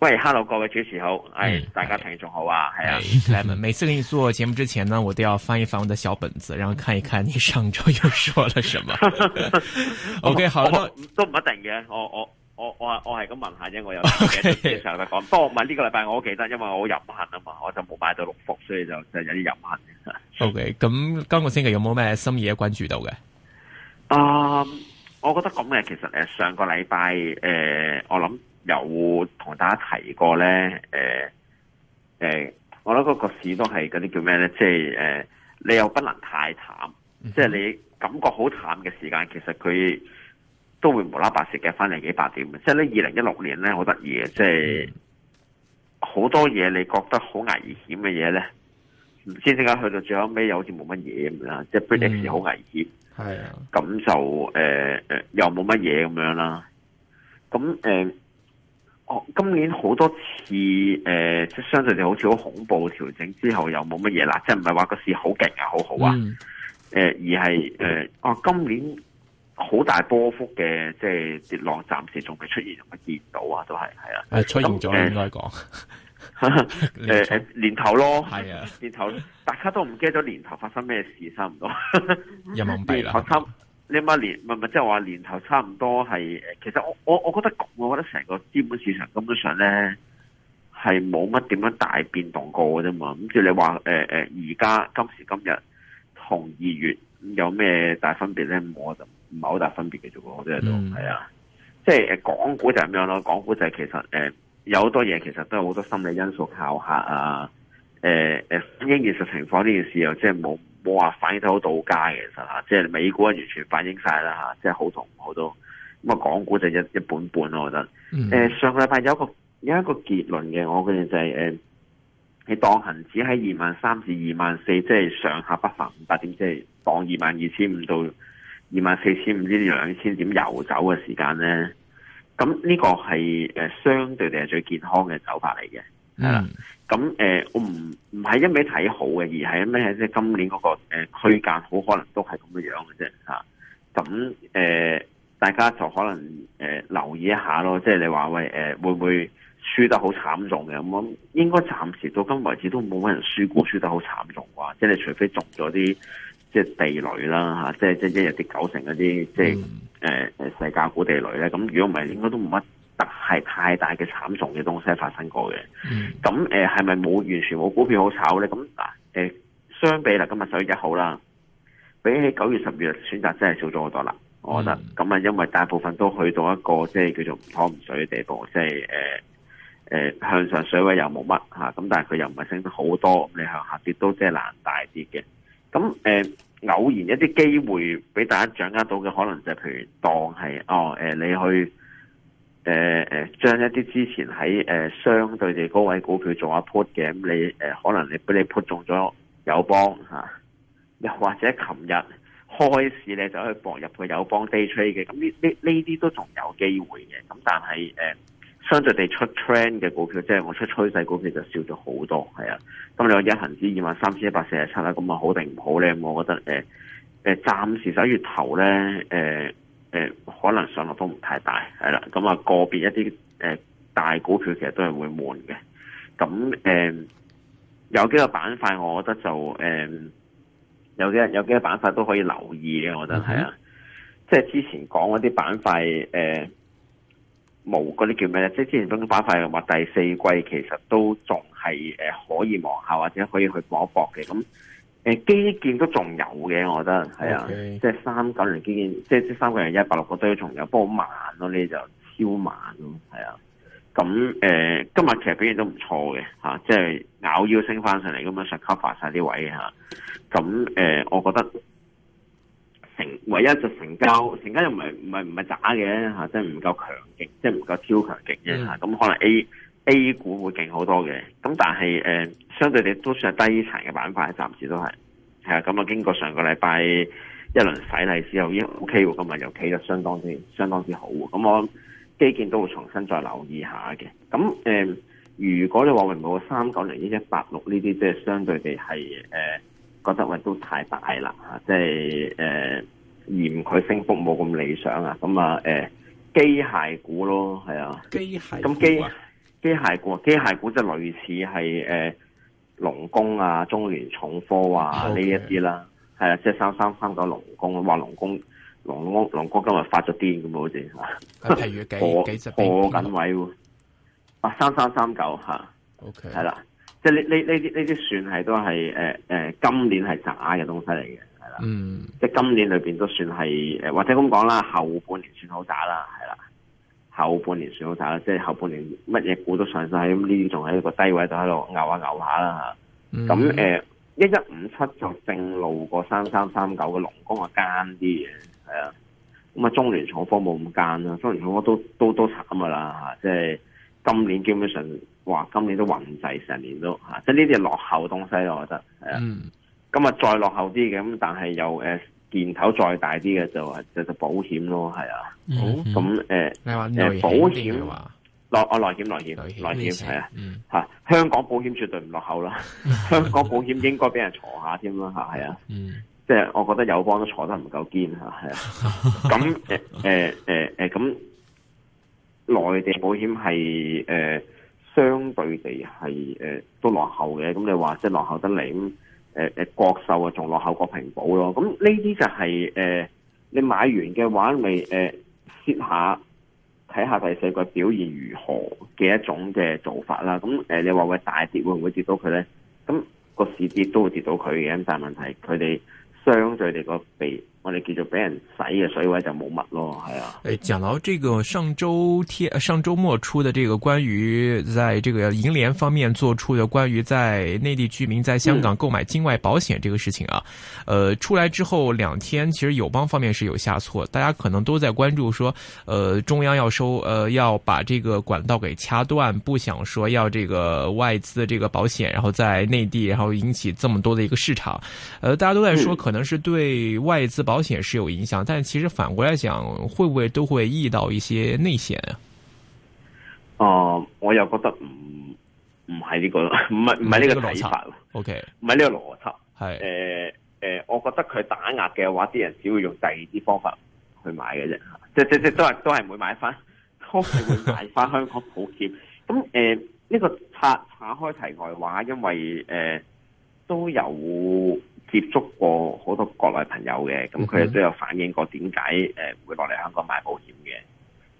喂，hello，各位主持好，係、哎嗯、大家聽眾好啊，係、嗯、啊，Sam， 每次你做節目之前呢，我都要翻一翻我的小本子，然後看一看你上周又說了什麼。 我 OK，好，我那都唔一定嘅，我我我我係咁問下啫，我有嘅嘢上嚟講。不過唔係呢個禮拜我記得，因為我好入行啊嘛，我就冇買到六福，所以就就有啲入行。OK，咁今個星期有冇咩新嘢關注到嘅？啊，我覺得咁嘅，其實誒、呃，上個禮拜誒、呃，我諗，有同大家提過咧，誒、呃、誒、呃，我覺得個市都係嗰啲叫咩咧？即係誒，你又不能太淡，mm hmm. 即係你感覺好淡嘅時間，其實佢都會無啦啦白食嘅翻嚟幾百點。即係呢，二零一六年咧好得意嘅，即係好、就是、多嘢你覺得好危險嘅嘢咧，唔知點解去到最後尾又好似冇乜嘢咁啦。即係 Brexit 好危險，係啊、mm，咁、hmm. 就誒誒、呃，又冇乜嘢咁樣啦。咁誒。呃哦，今年好多次，誒、呃，即係相信你好似好恐怖調整之後，又冇乜嘢啦，即係唔係話個市好勁啊，好好啊，誒、嗯呃，而係誒，啊、呃，今年好大波幅嘅，即係跌落，暫時仲未出現，未見到啊，都係，係啦、啊，出現咗，應該講，誒，年頭咯，係啊，年頭咯， 大家都唔驚咗年頭發生咩事，差唔多，人民幣啦。你咪年咪咪即係話年頭差唔多係，其實我我我覺得我覺得成個資本市場根本上咧係冇乜點樣大變動過嘅啫嘛。咁即係你話誒誒，而、呃、家今時今日同二月有咩大分別咧？冇就唔係好大分別嘅啫。我即係都係啊，即係誒，港股就咁樣咯。港股就其實誒、呃，有好多嘢其實都有好多心理因素靠下啊，誒、呃、誒，因現實情況呢件事又即係冇。冇話反應得好到家嘅，其實嚇，即係美股啊完全反映晒啦嚇，即係好同唔好都。咁啊，那個、港股就一一本本咯，我覺得。誒、嗯呃、上個禮拜有一個有一個結論嘅，我覺得就係、是、誒，你、呃、當恆指喺二萬三至二萬四，即係上下不凡五百點，即係當二萬二千五到二萬四千五呢兩千點遊走嘅時間咧，咁呢個係誒相對地係最健康嘅走法嚟嘅。係啦，咁誒、嗯嗯呃，我唔唔係一味睇好嘅，而係咩？即係今年嗰、那個誒區間，好、呃、可能都係咁嘅樣嘅啫，吓、啊。咁、嗯、誒，大家就可能誒、呃、留意一下咯，即係你話喂，誒、呃、會唔會輸得好慘重嘅？咁應該暫時到今為止都冇乜人輸過，輸得好慘重啩、啊。即係除非中咗啲即係地雷啦，吓、啊，即係即係一日跌九成嗰啲，即係誒誒世界股地雷咧。咁如果唔係，應該都冇乜。嗯但係太大嘅慘重嘅東西發生過嘅，咁誒係咪冇完全冇股票好炒咧？咁、嗯、嗱，誒相比嗱今日水嘅好啦，比起九月十月選擇真係少咗好多啦。我覺得咁啊，嗯、因為大部分都去到一個即係叫做唔湯唔水嘅地步，即係誒誒向上水位又冇乜嚇，咁但係佢又唔係升得好多，你向下跌都即係難大啲嘅。咁、嗯、誒、呃、偶然一啲機會俾大家掌握到嘅，可能就係譬如當係哦，誒、呃、你去。誒誒，將、呃、一啲之前喺誒、呃、相對地高位股票做下 put 嘅，咁、嗯、你誒、呃、可能你俾你 put 中咗友邦吓，又、啊、或者琴日開市你就可以博入個友邦 day trade 嘅，咁呢呢呢啲都仲有機會嘅。咁、嗯、但係誒、呃、相對地出 trend 嘅股票，即係我出趨勢股票就少咗好多，係、嗯、啊。咁你話一恒指、二萬、三千、一百、四十七啦，咁啊好定唔好咧？我覺得誒誒、呃呃，暫時十一月頭咧誒。呃呃呃呃呃誒，可能上落都唔太大，係啦，咁啊個別一啲誒、呃、大股票其實都係會悶嘅，咁誒、呃、有幾個板塊我覺得就誒有啲有幾個板塊都可以留意嘅，我覺得係啊的、呃，即係之前講嗰啲板塊誒冇嗰啲叫咩咧？即係之前講嘅板塊嘅話，第四季其實都仲係誒可以望下或者可以去搏一搏嘅咁。誒，基建都仲有嘅，我覺得係啊，Okay. 即係三九零基建，即係即三九零一百六個堆仲有，不過好慢咯，呢就超慢，係啊。咁誒、呃，今日其實表現都唔錯嘅吓，即係咬腰升翻上嚟，咁樣就上 cover 晒啲位吓。咁、啊、誒、呃，我覺得成唯一就成交成交又唔係唔係唔係渣嘅吓，即係唔夠強勁，即係唔夠超強勁嘅吓。咁 Yeah.、啊、可能 A。A 股會勁好多嘅，咁但係誒、呃、相對地都算係低殘嘅板塊，暫時都係係啊。咁啊，經過上個禮拜一輪洗禮之後，已經 OK 今日又企得相當之相當之好喎。咁、嗯、我基建都會重新再留意下嘅。咁、嗯、誒、呃，如果你話唔好三九零一、一八六呢啲，即係相對地係誒、呃、覺得喂都太大啦吓，即係誒、呃、嫌佢升幅冇咁理想啊。咁啊誒機械股咯，係啊，機械咁機、啊。機械股，機械股即係類似係誒龍工啊、中聯重科啊呢一啲啦，係啊，即係三三三九龍工，話龍工龍龍龍工今日發咗癲咁好似吓，破破緊位，啊三三三九吓，OK 係啦、啊，即係呢呢呢啲呢啲算係都係誒誒今年係渣嘅東西嚟嘅，係啦、啊，嗯，即係今年裏邊都算係誒，或者咁講啦，後半年算好渣啦，係啦、啊。後半年算好睇啦，即係後半年乜嘢股都上晒，咁呢啲仲喺一個低位度喺度拗下拗下啦嚇。咁誒一一五七就正路過三三三九嘅龍工啊奸啲嘅，係啊。咁啊中聯重科冇咁奸啦，中聯重科，科都都都，都慘噶啦、啊，即係今年基本上哇，今年都混滯成年都嚇、啊，即係呢啲係落後嘅東西，我覺得係啊。咁啊、mm hmm. 嗯、再落後啲嘅，咁但係又誒。呃件頭再大啲嘅就係就就保險咯，係啊，咁誒，誒保險話內我內險內險內險係啊，吓香港保險絕對唔落後啦，香港保險應該俾人坐下添啦吓，係啊，即係我覺得友邦都坐得唔夠堅吓，係啊，咁誒誒誒誒咁內地保險係誒相對地係誒都落後嘅，咁你話即係落後得嚟誒誒、呃，國壽啊，仲落後個平保咯，咁呢啲就係、是、誒、呃，你買完嘅話，咪誒，蝕、呃、下睇下第四季表現如何嘅一種嘅做法啦。咁、嗯、誒、呃，你話會大跌會唔會跌到佢咧？咁、嗯那個市跌都會跌到佢嘅，但係問題佢哋相對哋個被。我哋叫做俾人洗嘅，所以水位就冇乜咯，係啊。誒，講到這個上周天上周末出的這個關於在這個銀聯方面做出的關於在內地居民在香港購買境外保險這個事情啊，嗯、呃，出來之後兩天，其實友邦方面是有下挫，大家可能都在關注說，呃，中央要收，呃，要把這個管道給掐斷，不想說要這個外資的這個保險，然後在內地然後引起這麼多的一個市場，呃，大家都在說可能是對外資保保險是有影響，但係其實反過來講，會唔會都會遇到一些內險啊？哦、呃，我又覺得唔唔係呢個，唔係唔係呢個睇法，OK，唔係呢個邏輯，係誒誒，我覺得佢打壓嘅話，啲人只會用第二啲方法去買嘅啫，即即即都係都係唔會買翻，都係會買翻香港保險。咁誒呢個拆拆開題外話，因為誒、呃、都有。都有接觸過好多國內朋友嘅，咁佢哋都有反映過點解誒會落嚟香港買保險嘅。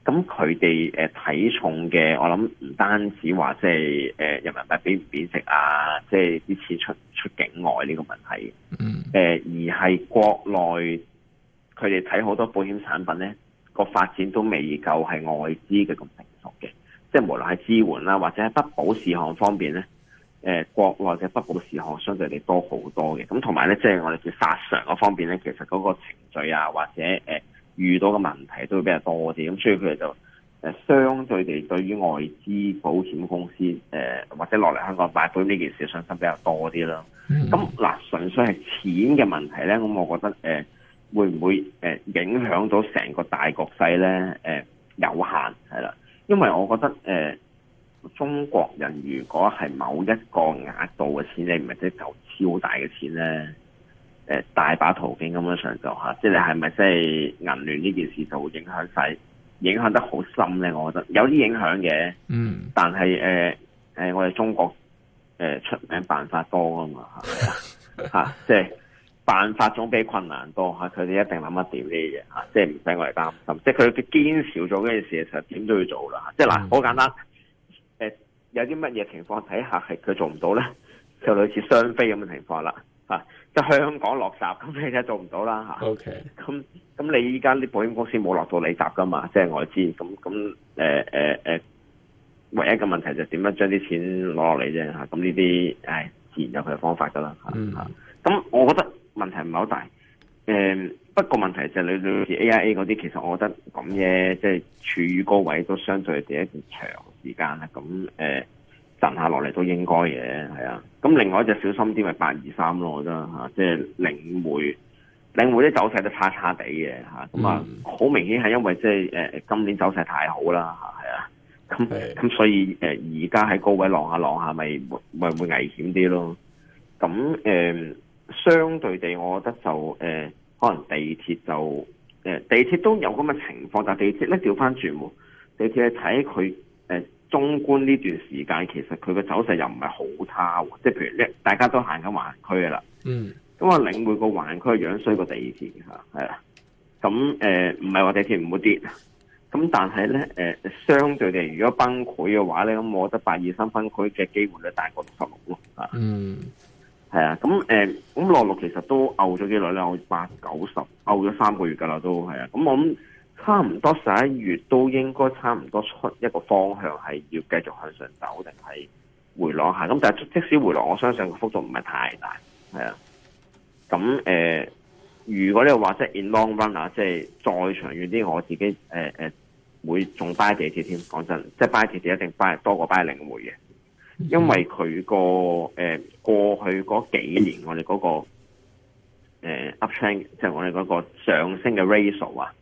咁佢哋誒睇重嘅，我諗唔單止話即係誒人民幣貶唔貶值啊，即係啲錢出出境外呢個問題。嗯。誒而係國內，佢哋睇好多保險產品呢個發展都未夠係外資嘅咁成熟嘅，即係無論係支援啦、啊，或者係不保事項方面呢。誒，國內嘅不保事項相對地多好多嘅，咁同埋咧，即、就、係、是、我哋叫殺償嗰方面咧，其實嗰個程序啊，或者誒、呃、遇到嘅問題都會比較多啲，咁所以佢哋就誒、呃、相對地對於外資保險公司誒、呃、或者落嚟香港買保呢件事信心比較多啲咯。咁嗱、mm，純、hmm. 粹係錢嘅問題咧，咁我覺得誒、呃、會唔會誒影響到成個大局勢咧？誒、呃，有限係啦，因為我覺得誒。呃中國人如果係某一個額度嘅錢，你唔係即係投超大嘅錢咧，誒、呃、大把途徑，噉樣上就吓、啊，即係你係咪真係銀聯呢件事就會影響晒？影響得好深咧？我覺得有啲影響嘅，嗯，但係誒誒，我哋中國誒、呃、出名辦法多嘛啊嘛吓，吓、啊、即係辦法總比困難多吓，佢、啊、哋一定諗得掂呢嘢吓，即係唔使我哋擔心，即係佢嘅錢少咗呢件事，其實點都要做啦、啊、即係嗱好簡單。有啲乜嘢情況睇下係佢做唔到咧？就類似雙飛咁嘅情況啦，吓即係香港落閘咁，你而家做唔到啦，吓、啊。O K. 咁咁，你依家啲保險公司冇落到你閘噶嘛？即係外資，咁咁，誒誒誒，唯一嘅問題就點樣將啲錢攞落嚟啫吓。咁呢啲誒，自然有佢嘅方法噶啦吓。咁、啊 mm. 嗯、我覺得問題唔係好大，誒、嗯，不過問題就類似 A I A 嗰啲，其實我覺得咁嘅即係處於高位都相對第一段長。時間啦，咁誒振下落嚟都應該嘅，係啊。咁另外一隻小心啲，咪八二三咯，我覺得嚇，即係領匯，領匯啲走勢都差差哋嘅嚇。咁啊，好、啊嗯、明顯係因為即係誒今年走勢太好啦嚇，係啊。咁、啊、咁、 啊嗯、所以誒而家喺高位浪下浪下，下，下，下，下，下，咪咪會危險啲咯。咁、啊、誒，相對地，我覺得就誒、啊，可能地鐵就誒、啊、地鐵都有咁嘅情況，但係地鐵咧調翻轉，地鐵咧睇佢誒。中觀呢段時間，其實佢嘅走勢又唔係好差喎，即係譬如咧，大家都行緊橫區啊啦。嗯。咁啊，領每個橫區樣衰過地鐵嚇，係啦。咁誒，唔係話地鐵唔會跌，咁但係咧誒，相對地，如果崩潰嘅話咧，咁我覺得八二三分區嘅機會咧大過六六咯。啊。嗯。係啊，咁誒，咁落落其實都嘔咗幾耐啦，我八九十嘔咗三個月噶啦，都係啊，咁我諗。差唔多十一月都應該差唔多出一個方向，係要繼續向上走，定係回落下？咁但係即使回落，我相信個幅度唔係太大，係啊。咁、嗯、誒、呃，如果你話即係 in long run 啊，即係再長遠啲，我自己誒誒、呃、會仲 buy 幾次添。講真，即係 buy 幾次，一定 buy 多過 buy 領匯嘅，因為佢個誒過去嗰幾年我哋嗰、那個、呃、up trend，即係我哋嗰個上升嘅 ratio 啊。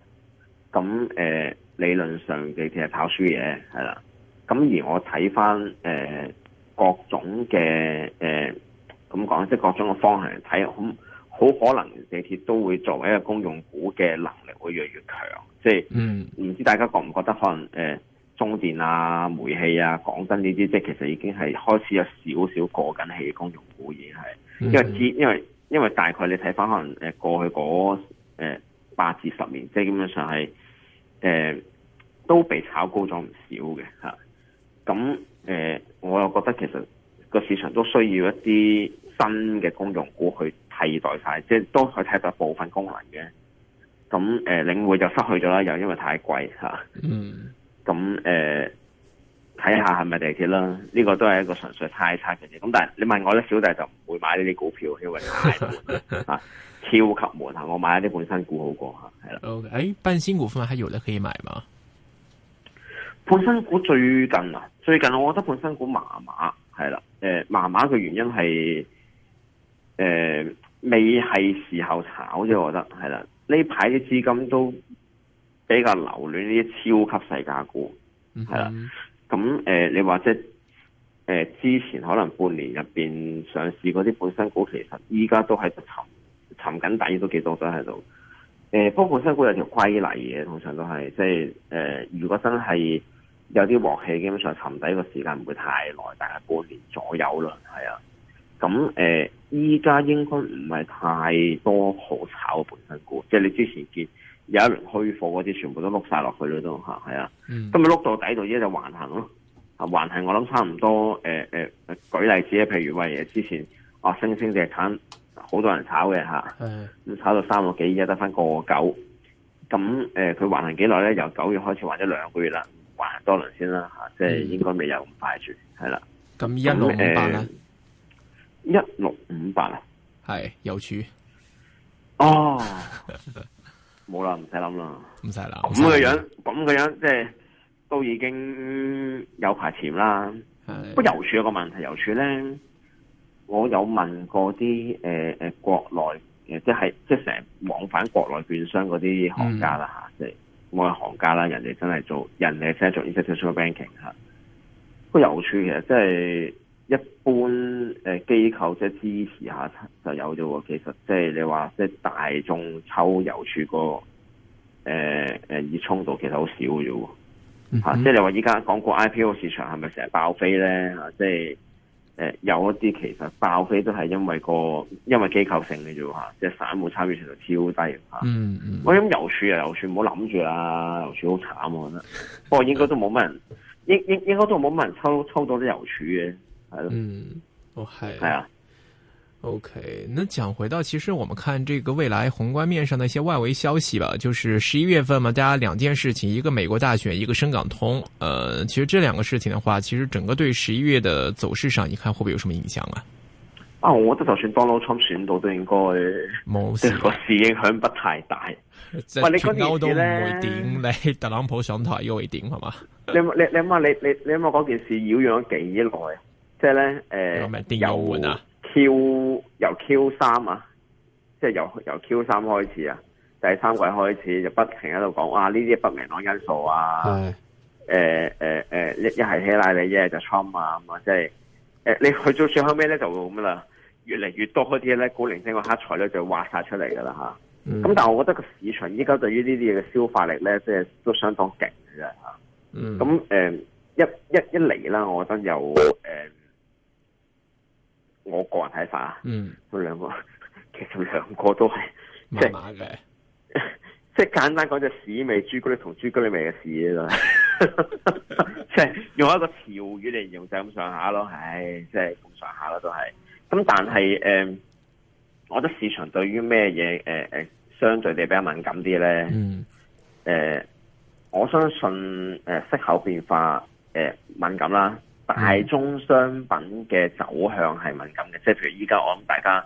咁誒、呃、理論上地鐵係跑輸嘢，係啦。咁而我睇翻誒各種嘅誒咁講，即係各種嘅方向嚟睇，好可能地鐵都會作為一個公用股嘅能力會越嚟越強。即係唔、嗯、知大家覺唔覺得可能誒、呃、中電啊、煤氣啊，講真呢啲，即係其實已經係開始有少少過緊氣公用股已經，已而係因為知，因為因為大概你睇翻可能誒過去嗰、呃、八至十年，即係基本上係。誒，嗯、都被炒高咗唔少嘅吓，咁、啊、誒、啊，我又覺得其實個市場都需要一啲新嘅公用股去替代晒，即係都可以替代部分功能嘅。咁、啊、誒、啊，領匯就失去咗啦，又因為太貴吓。嗯、啊。咁、啊、誒。啊啊睇下係咪地鐵啦，呢、這個都係一個純粹猜猜嘅嘢。咁但係你問我咧，小弟就唔會買呢啲股票，因為啊， 超級門嚇！我買一啲本身股好過嚇，係啦。O、okay，半新股份還有得可以買嗎？本身股最近啊，最近我覺得本身股麻麻係啦，誒麻麻嘅原因係誒、呃、未係時候炒啫，我覺得係啦。呢排啲資金都比較流亂呢啲超級細價股，係啦、嗯哼。咁誒、呃，你話即係誒之前可能半年入邊上市嗰啲本身股，其實依家都喺度沉沉緊底，都幾多都喺度。不過本身股有條規例嘅，通常都係即係誒、呃，如果真係有啲鑊氣，基本上沉底嘅時間唔會太耐，大概半年左右咯，係啊。咁誒，依、呃、家應該唔係太多好炒本身股，即係你之前見。有一輪虛貨嗰啲，全部都碌晒落去啦都吓，係啊，咁咪碌到底度，依家就橫行咯，啊，橫行我諗差唔多，誒、呃、誒、呃，舉例子啊，譬如話嘢之前，啊，星星石產好多人炒嘅吓，咁的炒到三個幾，依家得翻個九，咁、呃、誒，佢橫行幾耐咧？由九月開始橫咗兩個月啦，橫多輪先啦吓，嗯、即係應該未有咁快住，係啦。咁一六五八咧？一六五八啊，係有處哦。的 冇啦，唔使諗啦，唔使諗。咁嘅樣，咁嘅樣，即係都已經有排潛啦。不過有處有個問題，有處咧，我有問過啲誒誒國內誒，即係即係成日往返國內券商嗰啲行家啦吓，嗯、即係我係行家啦，人哋真係做人哋先做，做 institutional banking 吓。不過有處其實即係。一般誒、呃、機構即係支持下就有咗喎。其實即係你話即係大眾抽郵儲個誒誒熱衷度其實好少嘅喎、啊嗯嗯、即係你話依家港股 IPO 市場係咪成日爆飛咧嚇、啊？即係誒、呃、有一啲其實爆飛都係因為個因為機構性嘅啫喎即係散戶參與程度超低嚇。啊、嗯嗯、啊。我諗郵儲又郵儲，唔好諗住啦。郵儲好慘，我覺得。不過應該都冇乜人，應應應該都冇乜人抽抽到啲郵儲嘅。嗯，哦，係係啊，OK。那講回到，其實我們看這個未來宏觀面上的一些外圍消息吧，就是十一月份嘛，大家兩件事情，一個美國大選，一個深港通。呃，其實這兩個事情的話，其實整個對十一月的走勢上，你看會唔會有什麼影響啊？啊，我覺得就算當勞侵選到都應該冇事。個事影響不太大。喂，你講啲嘢咧會點？你特朗普上台又會點係嘛？你你你諗下，你你你諗下嗰件事擾攘咗幾耐？即係咧，誒、呃，由 Q 由 Q 三啊，即係由由 Q 三開始啊，第三季開始就不停喺度講，哇、啊，呢啲不明朗因素啊，誒誒誒，一係希拉里，一係就 Trump 啊，咁啊，即係誒、呃，你去到最後尾咧，就會咁啦，越嚟越多嗰啲咧，古靈精嘅黑材咧，就挖晒出嚟噶啦吓，咁、嗯、但係我覺得個市場依家對於呢啲嘢嘅消化力咧，即係都相當勁嘅啦吓，咁誒一一一嚟啦，我覺得又誒。我個人睇法啊，佢兩、嗯、個其實兩個都係，即係即係簡單講，只屎味朱古力同朱古力味嘅屎啫嘛，即係用一個潮語嚟形容就咁、是、上下咯。唉，即係咁上下咯，都係。咁但係誒，我覺得市場對於咩嘢誒誒相對地比較敏感啲咧。嗯。誒、呃，我相信誒息、呃、口變化誒、呃、敏感啦。嗯、大宗商品嘅走向係敏感嘅，即係譬如依家我諗大家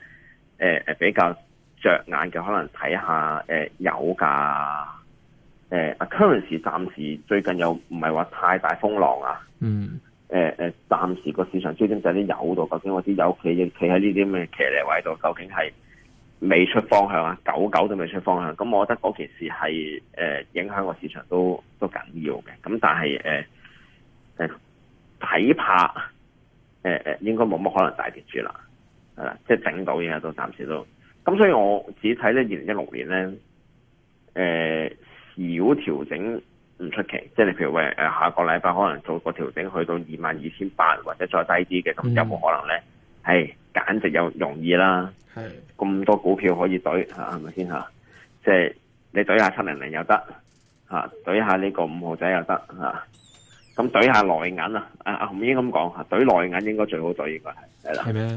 誒誒、呃、比較着眼嘅，可能睇下有油價呃、呃、currency 暫時最近又唔係話太大風浪啊。嗯。誒誒、呃，暫時個市場最終就喺啲油度，究竟我啲油企企喺呢啲咩騎呢位度，究竟係未出方向啊？久久都未出方向，咁我覺得嗰件事係誒影響個市場都都緊要嘅。咁但係誒誒。呃呃呃睇怕，誒、呃、誒，應該冇乜可能大跌住啦，係啦，即係整到嘢都暫時都，咁所以我只睇咧，二零一六年咧，誒、呃、小調整唔出奇，即係你譬如話誒下個禮拜可能做個調整，去到二萬二千八或者再低啲嘅，咁、嗯、有冇可能咧？係，簡直有容易啦，係的，咁多股票可以對嚇，係咪先嚇？即係你對下七零零又得，嚇，對下呢個五號仔又得，嚇。咁對下內銀啊，阿阿洪英咁講吓，對內銀應該最好對，應該係係啦。係咩嗎？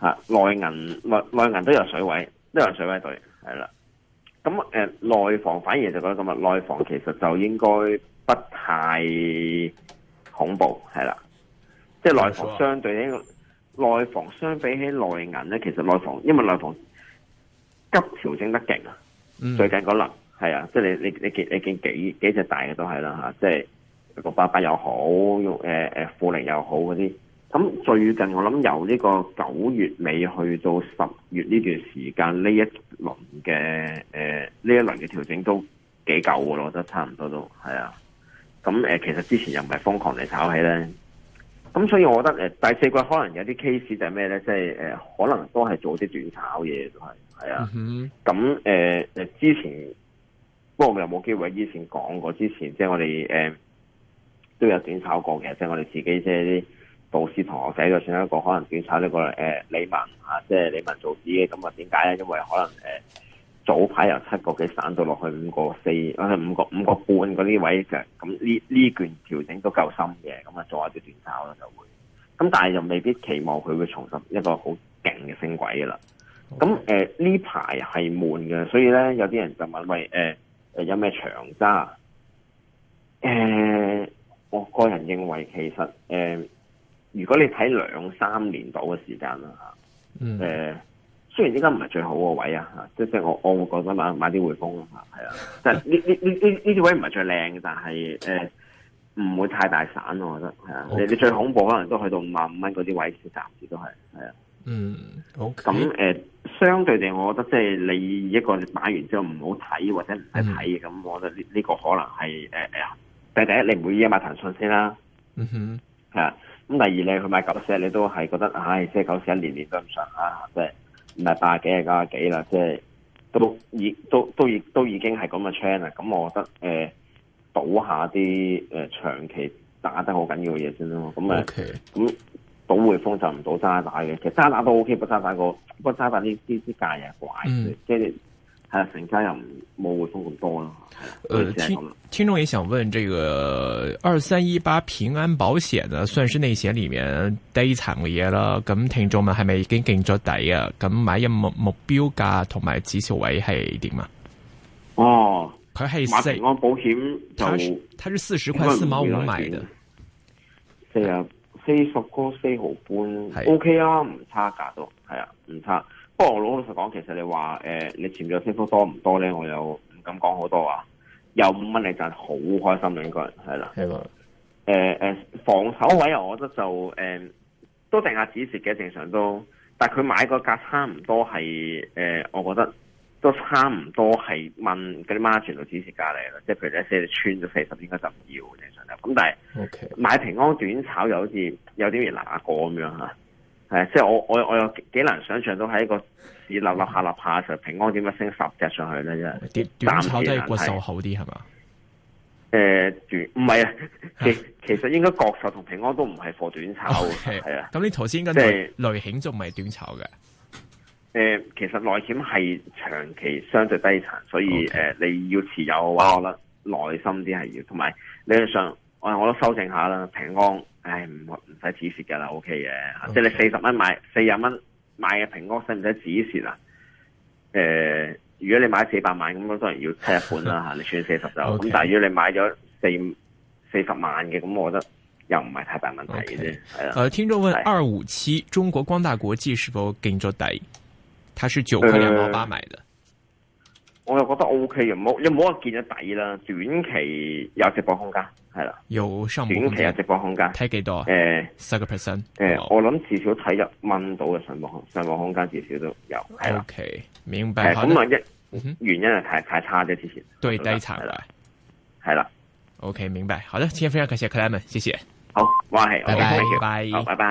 吓內銀內內銀都有水位，都有水位對，係啦。咁誒，內、呃、房反而就覺得咁啊，內房其實就應該不太恐怖，係啦。即係內房相對呢個內房相比起內銀咧，其實內房因為內房急調整得勁啊，嗯、最近嗰輪係啊，即係你你你見你見幾幾隻大嘅都係啦吓，即係。個八八又好，用誒誒負零又好嗰啲。咁最近我諗由呢個九月尾去到十月呢段時間，呢一輪嘅誒呢一輪嘅調整都幾夠嘅咯，我覺得差唔多都係啊。咁誒、呃，其實之前又唔係瘋狂嚟炒起咧。咁所以我覺得誒、呃、第四季可能有啲 case 就係咩咧，即係誒可能都係做啲短炒嘢都係，係啊。咁誒誒之前，不過我有冇機會以前講過？之前即係我哋誒。呃都有短炒過嘅，即、就、係、是、我哋自己即係啲導師同學仔，就算一個可能短炒呢、這個誒、呃、理文啊，即係理文造紙嘅。咁啊點解咧？因為可能誒、呃、早排由七個幾散到落去五個四，五個五個半嗰啲位嘅。咁呢呢段調整都夠深嘅，咁啊做一啲短炒啦就會。咁但係又未必期望佢會重拾一個好勁嘅升軌啦。咁誒呢排係悶嘅，所以咧有啲人就問喂，誒誒、呃呃、有咩長揸誒？呃我個人認為其實誒、呃，如果你睇兩三年度嘅時間啦吓，誒、呃，嗯、雖然依家唔係最好個位啊吓，即、就、係、是、我我會覺得買買啲匯豐啊吓，係啊，即係呢呢呢呢呢啲位唔係最靚嘅，但係誒唔會太大散，我覺得係啊。你 Okay. 你最恐怖可能都去到五萬五蚊嗰啲位暫時，亦都係係啊。嗯，好、okay.。咁、呃、誒，相對地，我覺得即係、就是、你一個你買完之後唔好睇或者唔使睇咁我覺得呢呢個可能係誒。呃呃呃呃第一，你唔會依家買騰訊先啦。嗯哼，係啊。咁第二，你去買九四，你都係覺得，唉、哎，即係九四一年年都唔上啊，即係唔係八廿幾，係九廿幾啦，即係都已都都已都，都已經係咁嘅 trend 啊。咁我覺得，誒、呃，賭下啲誒、呃、長期打得好緊要嘅嘢先咯。咁啊，咁賭 Okay. 匯豐就唔賭渣打嘅。其實渣打都 OK 嘅，渣打個不過渣打呢啲啲價又怪。嗯。即係。係啊，成家人冇活通咁多啦。係，誒、呃，聽聽眾也想問，這個二三一八平安保險呢，算是內險裏面低層嘅嘢啦。咁、嗯嗯、聽眾們係咪已經勁咗底啊？咁買入目目標價同埋止蝕位係點啊？嗯、哦，佢係買平安保險就它，它是四十塊四毛五買嘅。係、嗯、啊，四十個四毫半，OK 啊，唔差價都，係啊，唔差。不過我老實講，其實你話誒、呃，你前邊升幅多唔多咧？我又唔敢講好多啊。有五蚊你就係好開心啦，應該係啦。聽過誒誒防守位啊，我覺得就誒、呃、都定下止蝕嘅正常都，但係佢買個價差唔多係誒、呃，我覺得都差唔多係問嗰啲孖展到止蝕價嚟啦，即係譬如你四穿咗四十，應該就唔要正常啦。咁但係 Okay. 買平安短炒又好似有啲似拿個咁樣嚇。係，即係我我我又幾難想象到喺一個市立立下立下，就平安點解升十隻上去咧？即啲 短炒都係國壽好啲係嘛？誒、呃，短唔係啊？其其實應該國壽同平安都唔係做短炒嘅，係啊 咁你頭先跟住內險仲唔係短炒嘅？誒、 呃，其實內險係長期相對低層，所以誒 Okay.、呃、你要持有嘅話，我覺得耐心啲係要。同埋理論上我我都修正下啦，平安。平安唉，唔唔使止蝕噶啦，OK 嘅。Okay. 即係你四十蚊買，四廿蚊買嘅平屋，使唔使止蝕啊？誒、呃，如果你買四百萬咁樣，當然要七半啦吓， 你算四十就。咁 Okay. 但係如果你買咗四四十萬嘅，咁我覺得又唔係太大問題嘅啫。誒 Okay. 的、呃，聽眾問二五七中國光大國際是否跟咗底？佢係九塊兩毛八買嘅。呃呃我又覺得 O K 嘅，冇又冇話見得底啦。短期有直播空間，係啦，有短期有直播空間，睇幾多？誒，十個 percent。誒，我諗至少睇入蚊到嘅上網上網空間，至少都有係 O K，明白。咁啊，一原因係太太差啫，之前對低層啦，係啦。O K，明白。好啦，今日非常感謝 Clement 謝謝。好，我係，拜拜，拜拜。